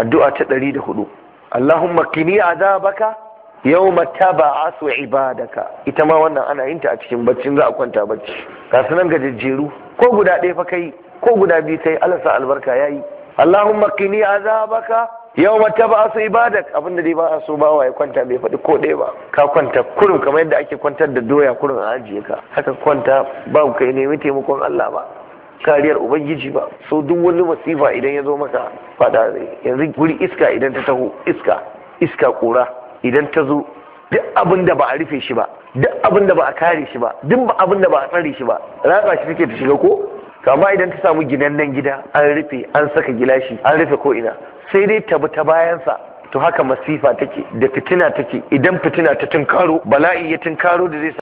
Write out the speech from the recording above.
addu'a ta ɗari da hudu Allahumma kini azabaka a taba'asu ibadaka ita ma wannan ana yinta a cikin baccin za a kwanta bacci ga sunan gajejjeru ko guda ɗaya fa kai ko guda biyu kai Allah sa albarka yayi Allahumma qini azabaka yawma tab'asu ibadak da dai ba a so ba, wa ya kwanta bai faɗi ko ɗaya ba ka kwanta kurum kamar yadda ake kwantar da doya kurum a ajiye ka haka kwanta babu kai nemi taimakon Allah ba kariyar ubangiji ba so duk wani masifa idan ya zo maka fada yanzu guri iska idan ta taho iska iska kura idan ta zo duk abin da ba a rufe shi ba duk abin da ba a kare shi ba duk abin da ba a tsare shi ba raka shi take ta shiga ko kama idan ta samu nan gida an rufe an saka gilashi an rufe ko ina sai dai ta ta bayansa to haka masifa take da fitina take idan fitina ta tunkaro bala'i ya tunkaro da zai